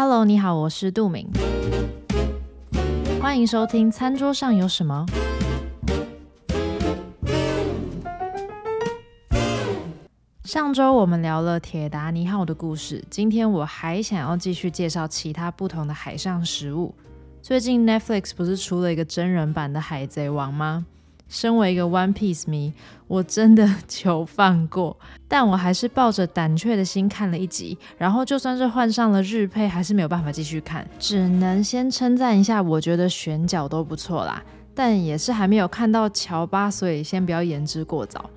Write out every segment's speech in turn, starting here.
Hello，你好，我是杜明，歡迎收聽《餐桌上有什麼》。上周我們聊了鐵達尼號的故事，今天我還想要繼續介紹其他不同的海上食物。最近 Netflix 不是出了一個真人版的《海賊王》嗎？身為一個 One Piece 迷，我真的求放過，但我還是抱着膽怯的心看了一集，然後就算是換上了日配，還是沒有辦法繼續看，只能先稱讚一下，我覺得選角都不錯啦，但也是還沒有看到喬巴，所以先不要言之過早。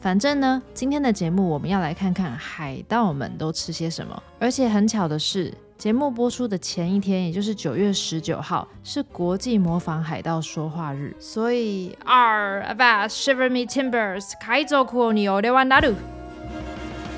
反正呢，今天的節目我們要來看看海盜們都吃些什麼，而且很巧的是。節目播出的前一天，也就是九月十九號，是國際模仿海盜說話日。所以，Arr, avast, shiver me timbers，海賊に俺はなる。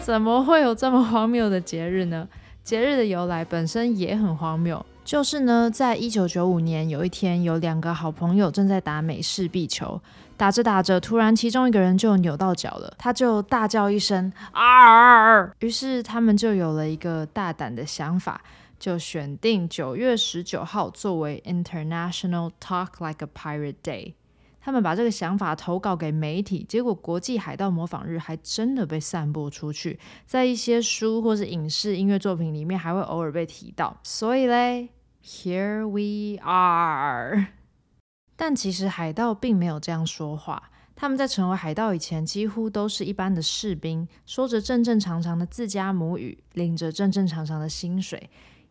怎麼會有這麼荒謬的節日呢？節日的由來本身也很荒謬，就是呢，在一九九五年有一天，有兩個好朋友正在打美式壁球。打着打着，突然其中一個人就扭到腳了，他就大叫一聲啊！於是他們就有了一個大膽的想法，就選定九月十九號作為 International Talk Like a Pirate Day。他們把這個想法投稿給媒體，結果國際海盜模仿日還真的被散播出去，在一些書或是影視音樂作品裡面還會偶爾被提到。所以嘞，Here we are。但其實海盜並沒有這樣說話。他們在成為海盜以前，幾乎都是一般的士兵，說着正正常常的自家母語，領着正正常常的薪水。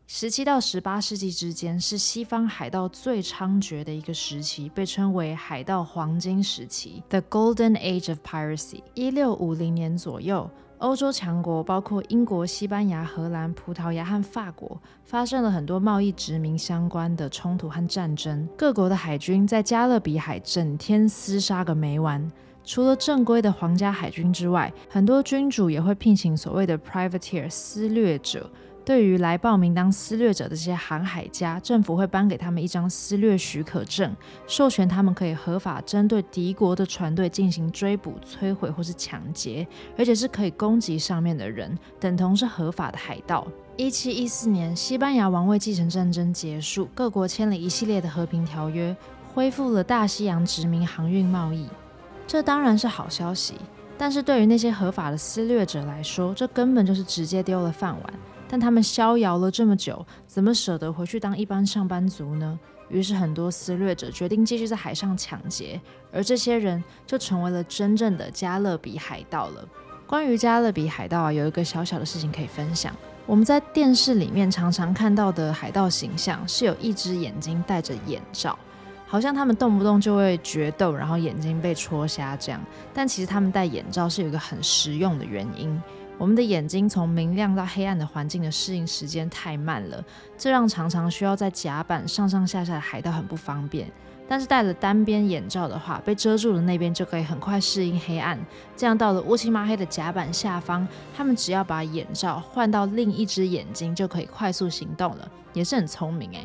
十七到十八世紀之間是西方海盜最猖獗的一個時期，被稱為“海盜黃金時期 ”（The Golden Age of Piracy）。一六五零年左右。歐洲強國包括英國、西班牙、荷蘭、葡萄牙和法國，發生了很多貿易殖民相關的衝突和戰爭。各國的海軍在加勒比海整天廝殺個沒完。除了正規的皇家海軍之外，很多君主也會聘請所謂的 privateer（ 私掠者）。對於來報名當私掠者的這些航海家，政府會頒給他們一張私掠許可證，授權他們可以合法針對敵國的船隊進行追捕、摧毀或是搶劫，而且是可以攻擊上面的人，等同是合法的海盜。一七一四年，西班牙王位繼承戰爭結束，各國簽了一系列的和平條約，恢復了大西洋殖民航運貿易，這當然是好消息。但是對於那些合法的私掠者來說，這根本就是直接丟了飯碗。但他們逍遙了這麼久，怎麼捨得回去當一般上班族呢？於是很多私掠者決定繼續在海上搶劫，而這些人就成為了真正的加勒比海盜了。關於加勒比海盜啊，有一個小小的事情可以分享：我們在電視裡面常常看到的海盜形象是有一隻眼睛戴着眼罩，好像他們動不動就會決鬥，然後眼睛被戳瞎這樣。但其實他們戴眼罩是有一個很實用的原因。我們的眼睛從明亮到黑暗的環境的適應時間太慢了，這讓常常需要在甲板上上下下的海盜很不方便。但是戴了單邊眼罩的話，被遮住的那邊就可以很快適應黑暗，這樣到了烏漆麻黑的甲板下方，他們只要把眼罩換到另一隻眼睛就可以快速行動了，也是很聰明誒。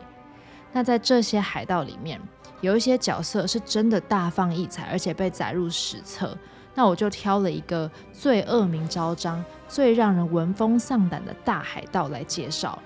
那在這些海盜裡面，有一些角色是真的大放異彩，而且被載入史冊。那我就挑了一個最惡名昭彰、最讓人聞風喪膽的大海盜來介紹。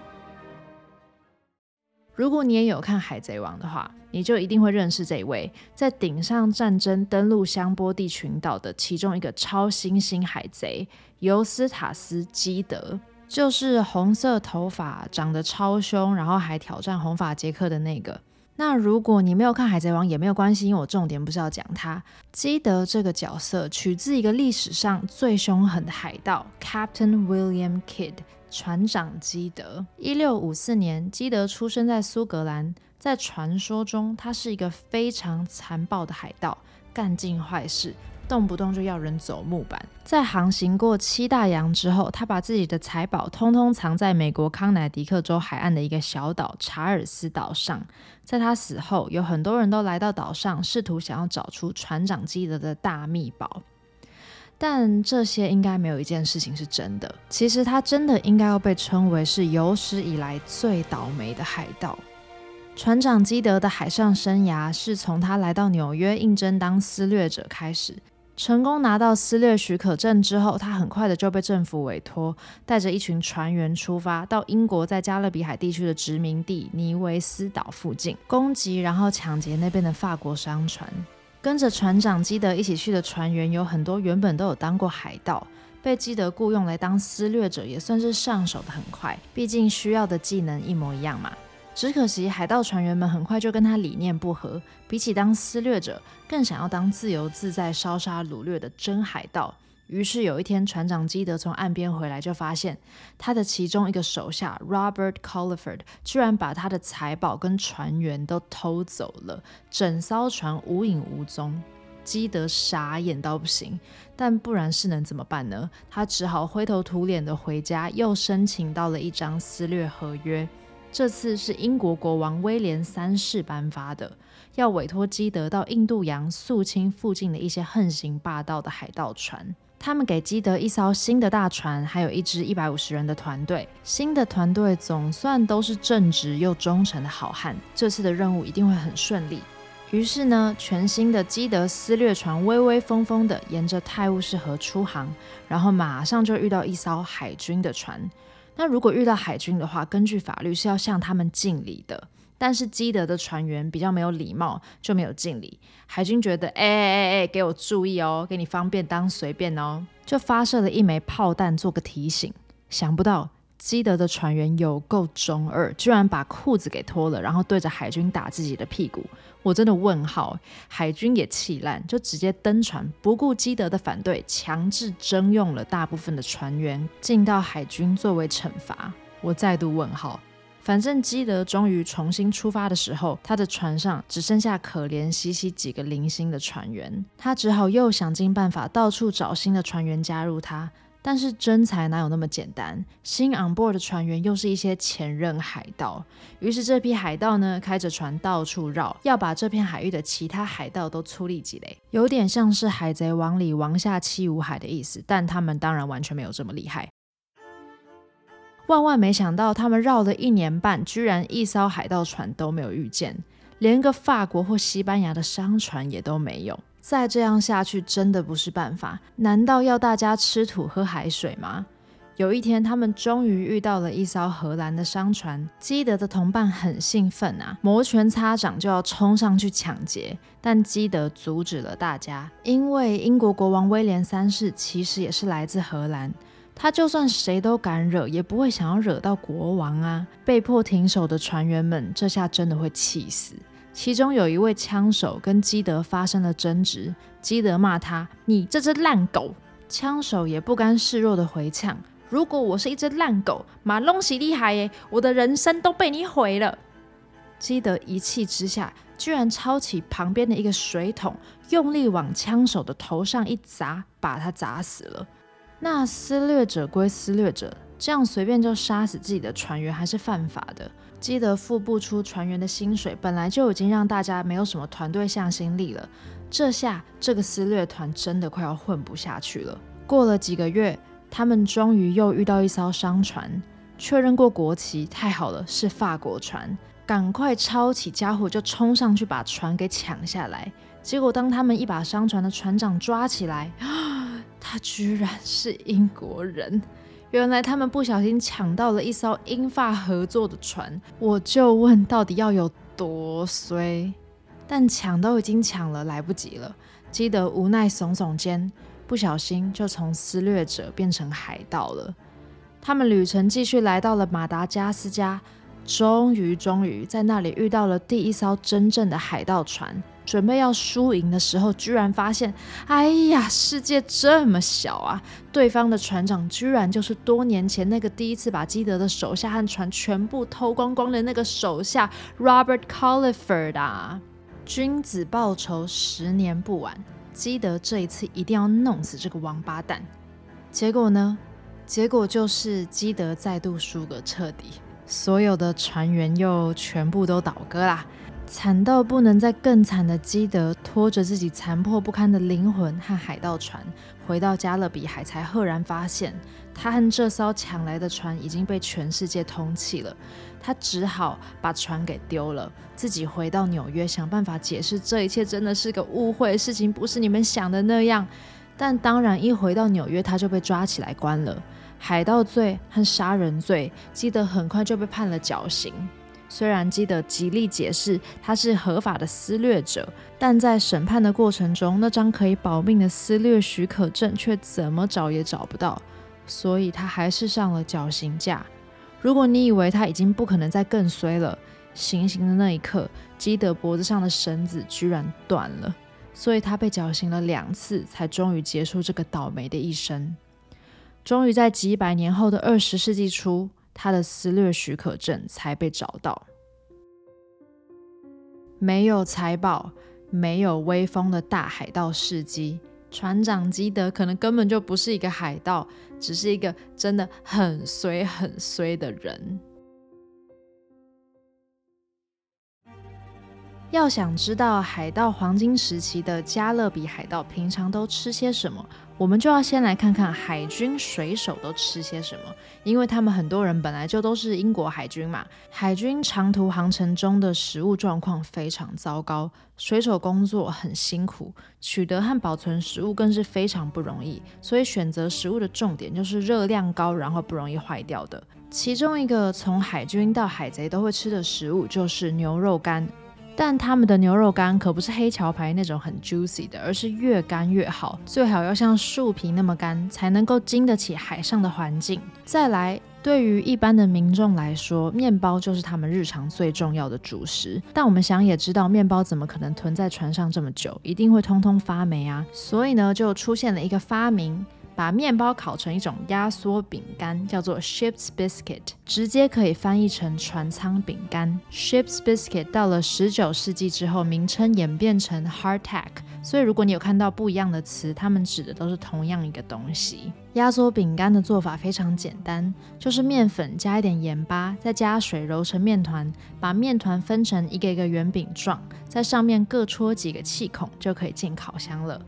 如果你也有看《海賊王》的話，你就一定會認識這位，在頂上戰爭登陸香波地群島的其中一個超新星海賊尤斯塔斯基德，就是紅色頭髮、長得超兇，然後還挑戰紅髮傑克的那個。那如果你沒有看《海賊王》也沒有關係，因為我重點不是要講他基德這個角色，取自一個歷史上最凶狠的海盜 Captain William Kidd，船長基德。一六五四年，基德出生在蘇格蘭，在傳說中，他是一個非常殘暴的海盜，幹盡壞事。動不動就要人走木板。在航行過七大洋之後，他把自己的財寶通通藏在美國康乃狄克州海岸的一個小島查爾斯島上。在他死後，有很多人都來到島上，試圖想要找出船長基德的大祕寶。但這些應該沒有一件事情是真的。其實他真的應該要被稱為是有史以來最倒霉的海盜。船長基德的海上生涯是從他來到紐約應徵當私掠者開始。成功拿到私掠許可證之後，他很快的就被政府委托，帶着一群船員出發，到英國在加勒比海地區的殖民地尼維斯島附近攻擊，然後搶劫那邊的法國商船。跟着船長基德一起去的船員有很多，原本都有當過海盜，被基德雇用來當私掠者，也算是上手的很快，畢竟需要的技能一模一樣嘛。只可惜，海盜船員們很快就跟他理念不合，比起當私掠者，更想要當自由自在、燒殺擄掠的真海盜。於是有一天，船長基德從岸邊回來，就發現他的其中一個手下 Robert Colliford 居然把他的財寶跟船員都偷走了，整艘船無影無蹤。基德傻眼到不行，但不然是能怎麼辦呢？他只好灰頭土臉的回家，又申請到了一張私掠合約。這次是英國國王威廉三世頒發的，要委託基德到印度洋肅清附近的一些橫行霸道的海盜船。他們給基德一艘新的大船，還有一支一百五十人的團隊。新的團隊總算都是正直又忠誠的好漢，這次的任務一定會很順利。於是呢，全新的基德私掠船威威風風的沿着泰晤士河出航，然後馬上就遇到一艘海軍的船。那如果遇到海軍的話，根據法律是要向他們敬禮的。但是基德的船員比較沒有禮貌，就沒有敬禮。海軍覺得，哎哎哎哎，給我注意哦，給你方便當隨便哦，就發射了一枚炮彈做個提醒。想不到。基德的船員有夠中二，居然把褲子給脫了，然後對着海軍打自己的屁股，我真的問號。海軍也氣爛，就直接登船，不顧基德的反對，強制徵用了大部分的船員，進到海軍作為懲罰。我再度問號。反正基德終於重新出發的時候，他的船上只剩下可憐兮兮幾個零星的船員，他只好又想盡辦法到處找新的船員加入他。但是真才哪有那麼簡單？新 on board 的船員又是一些前任海盜。於是這批海盜呢，開着船到處繞，要把這片海域的其他海盜都出力積累，有點像是《海賊王》裡王下七武海的意思。但他們當然完全沒有這麼厲害。萬萬沒想到，他們繞了一年半，居然一艘海盜船都沒有遇見，連個法國或西班牙的商船也都沒有。再這樣下去真的不是辦法，難道要大家吃土喝海水嗎？有一天，他們終於遇到了一艘荷蘭的商船。基德的同伴很興奮啊，摩拳擦掌就要衝上去搶劫，但基德阻止了大家，因為英國國王威廉三世其實也是來自荷蘭，他就算誰都敢惹，也不會想要惹到國王啊。被迫停手的船員們，這下真的會氣死。其中有一位槍手跟基德發生了爭執，基德罵他：“你這隻爛狗！”槍手也不甘示弱的回嗆：“如果我是一隻爛狗，馬龍西厲害耶，我的人生都被你毀了。”基德一氣之下，居然抄起旁邊的一個水桶，用力往槍手的頭上一砸，把他砸死了。那私掠者歸私掠者。這樣隨便就殺死自己的船員，還是犯法的。基德付不出船員的薪水，本來就已經讓大家沒有什麼團隊向心力了。這下這個私掠團真的快要混不下去了。過了幾個月，他們終於又遇到一艘商船，確認過國旗，太好了，是法國船，趕快抄起家伙就衝上去把船給搶下來。結果當他們一把商船的船長抓起來，他居然是英國人。原來他們不小心搶到了一艘英法合作的船，我就問到底要有多衰？但搶都已經搶了，來不及了。基德無奈聳聳肩，不小心就從私掠者變成海盜了。他們旅程繼續來到了馬達加斯加，終於，終於在那裡遇到了第一艘真正的海盜船。準備要輸贏的時候，居然發現，哎呀，世界這麼小啊！對方的船長居然就是多年前那個第一次把基德的手下和船全部偷光光的那個手下 Robert Colliford 啊！君子報仇，十年不晚。基德這一次一定要弄死這個王八蛋。結果呢？結果就是基德再度輸個徹底，所有的船員又全部都倒戈啦。慘到不能再更慘的基德，拖着自己殘破不堪的靈魂和海盜船回到加勒比海，才赫然發現他和這艘搶來的船已經被全世界通緝了。他只好把船給丟了，自己回到紐約，想辦法解釋這一切真的是個誤會，事情不是你們想的那樣。但當然，一回到紐約，他就被抓起來關了，海盜罪和殺人罪，基德很快就被判了絞刑。雖然基德極力解釋他是合法的私掠者，但在審判的過程中，那張可以保命的私掠許可證卻怎麼找也找不到，所以他還是上了絞刑架。如果你以為他已經不可能再更衰了，行刑的那一刻，基德脖子上的繩子居然斷了，所以他被絞刑了兩次，才終於結束這個倒霉的一生。終於在幾百年後的二十世紀初，他的私掠許可證才被找到。沒有財寶，沒有威風的大海盜事跡，船長基德可能根本就不是一個海盜，只是一個真的很衰很衰的人。要想知道海盜黃金時期的加勒比海盜平常都吃些什麼？我們就要先來看看海軍水手都吃些什麼，因為他們很多人本來就都是英國海軍嘛。海軍長途航程中的食物狀況非常糟糕，水手工作很辛苦，取得和保存食物更是非常不容易。所以選擇食物的重點就是熱量高，然後不容易壞掉的。其中一個從海軍到海賊都會吃的食物就是牛肉乾。但他們的牛肉乾可不是黑橋牌那種很 juicy 的，而是越乾越好，最好要像樹皮那麼乾，才能夠經得起海上的環境。再來，對於一般的民眾來說，麵包就是他們日常最重要的主食。但我們想也知道，麵包怎麼可能囤在船上這麼久？一定會通通發霉啊！所以呢，就出現了一個發明。把麵包烤成一種壓縮餅乾，叫做 Ship's Biscuit，直接可以翻譯成船艙餅乾。Ship's Biscuit 到了十九世紀之後，名稱演變成 Hardtack。所以如果你有看到不一樣的詞，它們指的都是同樣一個東西。壓縮餅乾的做法非常簡單，就是麵粉加一點鹽巴，再加水揉成麵團，把麵團分成一個一個圓餅狀，在上面各戳幾個氣孔，就可以進烤箱了。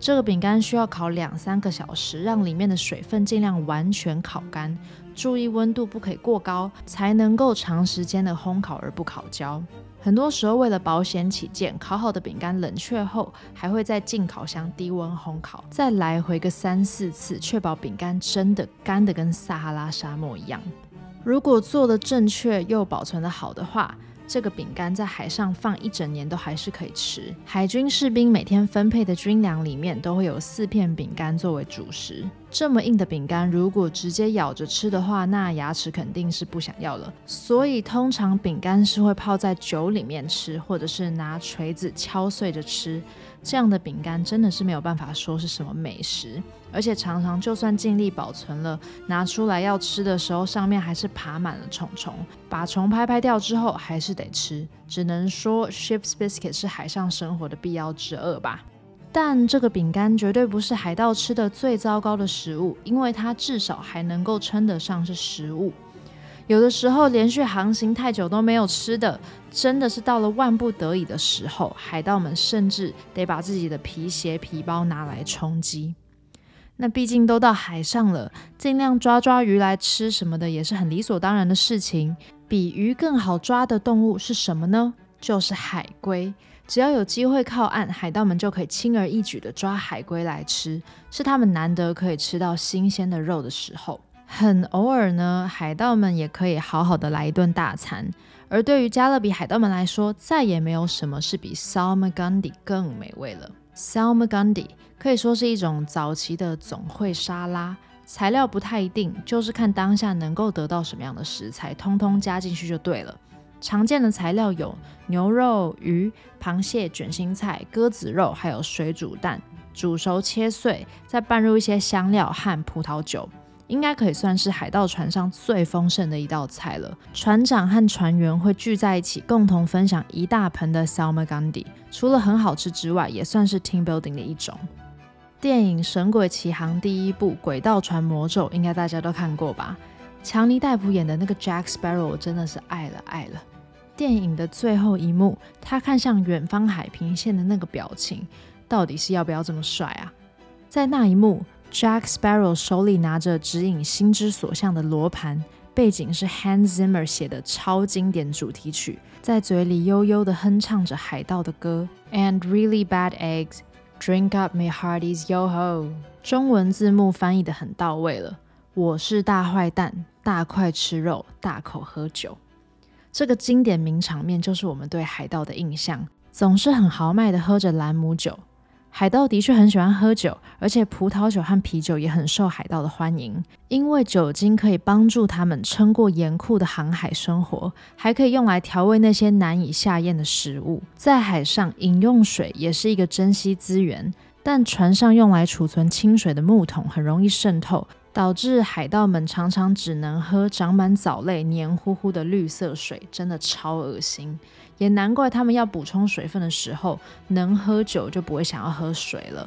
這個餅乾需要烤兩三個小時，讓裡面的水分盡量完全烤乾。注意溫度不可以過高，才能夠長時間的烘烤而不烤焦。很多時候為了保險起見，烤好的餅乾冷卻後，還會再進烤箱低溫烘烤，再來回個三四次，確保餅乾真的乾得跟撒哈拉沙漠一樣。如果做得正確又保存得好的話，這個餅乾在海上放一整年都還是可以吃。海軍士兵每天分配的軍糧裡面都會有四片餅乾作為主食。這麼硬的餅乾，如果直接咬着吃的話，那牙齒肯定是不想要了。所以通常餅乾是會泡在酒裡面吃，或者是拿錘子敲碎着吃。這樣的餅乾真的是沒有辦法說是什麼美食，而且常常就算盡力保存了，拿出來要吃的時候，上面還是爬滿了蟲蟲。把蟲拍拍掉之後，還是得吃。只能說 ship's biscuit 是海上生活的必要之二吧。但這個餅乾絕對不是海盜吃的最糟糕的食物，因為它至少還能夠稱得上是食物。有的時候連續航行太久都沒有吃的，真的是到了萬不得已的時候，海盜們甚至得把自己的皮鞋、皮包拿來充飢。那畢竟都到海上了，盡量抓抓魚來吃什麼的也是很理所當然的事情。比魚更好抓的動物是什麼呢？就是海龜，只要有機會靠岸，海盜們就可以輕而易舉地抓海龜來吃，是他們難得可以吃到新鮮的肉的時候。很偶爾呢，海盜們也可以好好的來一頓大餐。而對於加勒比海盜們來說，再也沒有什麼是比 Salmagundi 更美味了。Salmagundi 可以說是一種早期的總會沙拉，材料不太一定，就是看當下能夠得到什麼樣的食材，通通加進去就對了。常見的材料有牛肉、魚、螃蟹、捲心菜、鴿子肉，還有水煮蛋，煮熟切碎，再拌入一些香料和葡萄酒，應該可以算是海盜船上最豐盛的一道菜了。船長和船員會聚在一起，共同分享一大盆的塞爾瑪甘迪，除了很好吃之外，也算是 team building 的一種。電影《神鬼奇航》第一部《鬼盜船魔咒》應該大家都看過吧？強尼戴普演的那個 Jack Sparrow 真的是愛了愛了。電影的最後一幕，他看向遠方海平線的那個表情，到底是要不要這麼帥啊？在那一幕，Jack Sparrow 手裡拿着指引心之所向的羅盤，背景是 Hans Zimmer 寫的超經典主題曲，在嘴裡悠悠的哼唱着海盜的歌。And really bad eggs, drink up me hearties, yo ho。中文字幕翻譯的很到位了，我是大壞蛋，大塊吃肉，大口喝酒。這個經典名場面就是我們對海盜的印象，總是很豪邁地喝着蘭姆酒。海盜的確很喜歡喝酒，而且葡萄酒和啤酒也很受海盜的歡迎，因為酒精可以幫助他們撐過嚴酷的航海生活，還可以用來調味那些難以下咽的食物。在海上，飲用水也是一個珍稀資源，但船上用來儲存清水的木桶很容易滲透。導致海盜們常常只能喝長滿藻類、黏糊糊的綠色水，真的超噁心。也難怪他們要補充水分的時候，能喝酒就不會想要喝水了。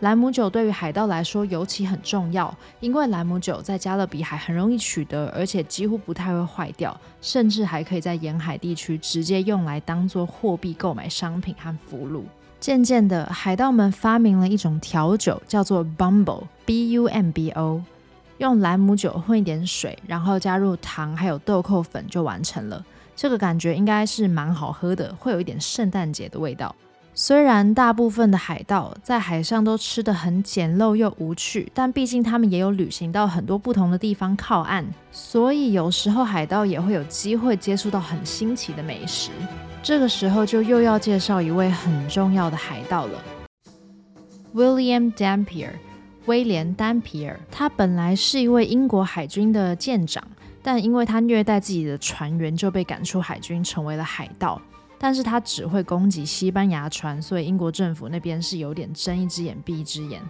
蘭姆酒對於海盜來說尤其很重要，因為蘭姆酒在加勒比海很容易取得，而且幾乎不太會壞掉，甚至還可以在沿海地區直接用來當做貨幣購買商品和俘虜。漸漸的，海盜們發明了一種調酒，叫做 Bumbo，B-U-M-B-O 用蘭姆酒混一點水，然後加入糖還有豆蔻粉就完成了。這個感覺應該是蠻好喝的，會有一點聖誕節的味道。雖然大部分的海盜在海上都吃得很簡陋又無趣，但畢竟他們也有旅行到很多不同的地方靠岸，所以有時候海盜也會有機會接觸到很新奇的美食。這個時候就又要介紹一位很重要的海盜了 ——William Dampier。威廉丹皮爾，他本來是一位英國海軍的艦長，但因為他虐待自己的船員，就被趕出海軍，成為了海盜。但是他只會攻擊西班牙船，所以英國政府那邊是有點睜一隻眼閉一隻眼。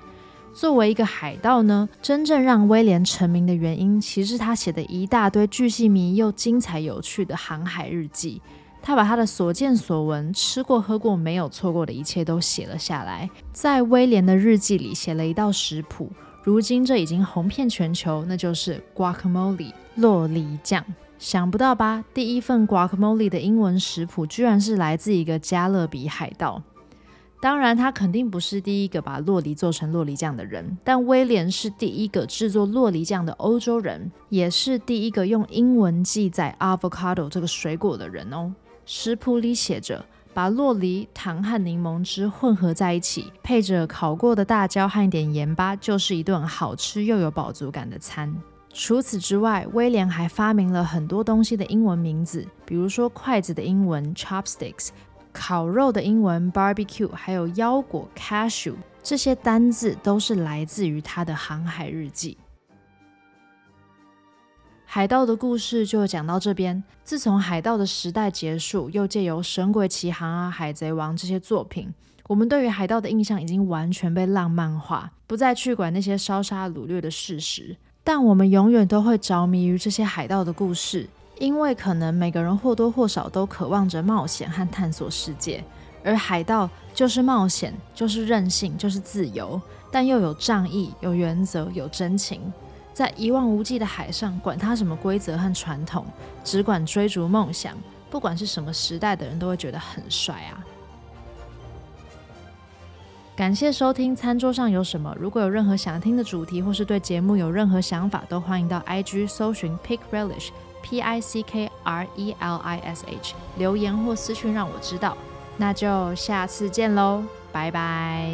作為一個海盜呢，真正讓威廉成名的原因，其實他寫的一大堆巨細靡又精彩有趣的航海日記。他把他的所見所聞、吃過喝過、沒有錯過的一切都寫了下來，在威廉的日記裡寫了一道食譜，如今這已經紅遍全球，那就是 guacamole 酪梨醬。想不到吧？第一份 guacamole 的英文食譜，居然是來自一個加勒比海盜。當然，他肯定不是第一個把酪梨做成酪梨醬的人，但威廉是第一個製作酪梨醬的歐洲人，也是第一個用英文記載 avocado 這個水果的人哦。食譜裡寫着，把酪梨、糖和檸檬汁混合在一起，配着烤過的大蕉和一點鹽巴，就是一頓好吃又有飽足感的餐。除此之外，威廉還發明了很多東西的英文名字，比如說筷子的英文 chopsticks，烤肉的英文 barbecue，還有腰果 cashew，這些單字都是來自於他的航海日記。海盜的故事就講到這邊。自從海盜的時代結束，又借由《神鬼奇航》啊，《海賊王》這些作品，我們對於海盜的印象已經完全被浪漫化，不再去管那些燒殺擄掠的事實。但我們永遠都會着迷於這些海盜的故事，因為可能每個人或多或少都渴望着冒險和探索世界，而海盜就是冒險，就是任性，就是自由，但又有仗義、有原則、有真情。在一望無際的海上，管他什麼規則和傳統，只管追逐夢想。不管是什麼時代的人都會覺得很帥啊！感謝收聽《餐桌上有什麼》。如果有任何想聽的主題，或是對節目有任何想法，都歡迎到 IG 搜尋 Pick Relish（P I C K R E L I S H） 留言或私訊讓我知道。那就下次見嘍，拜拜！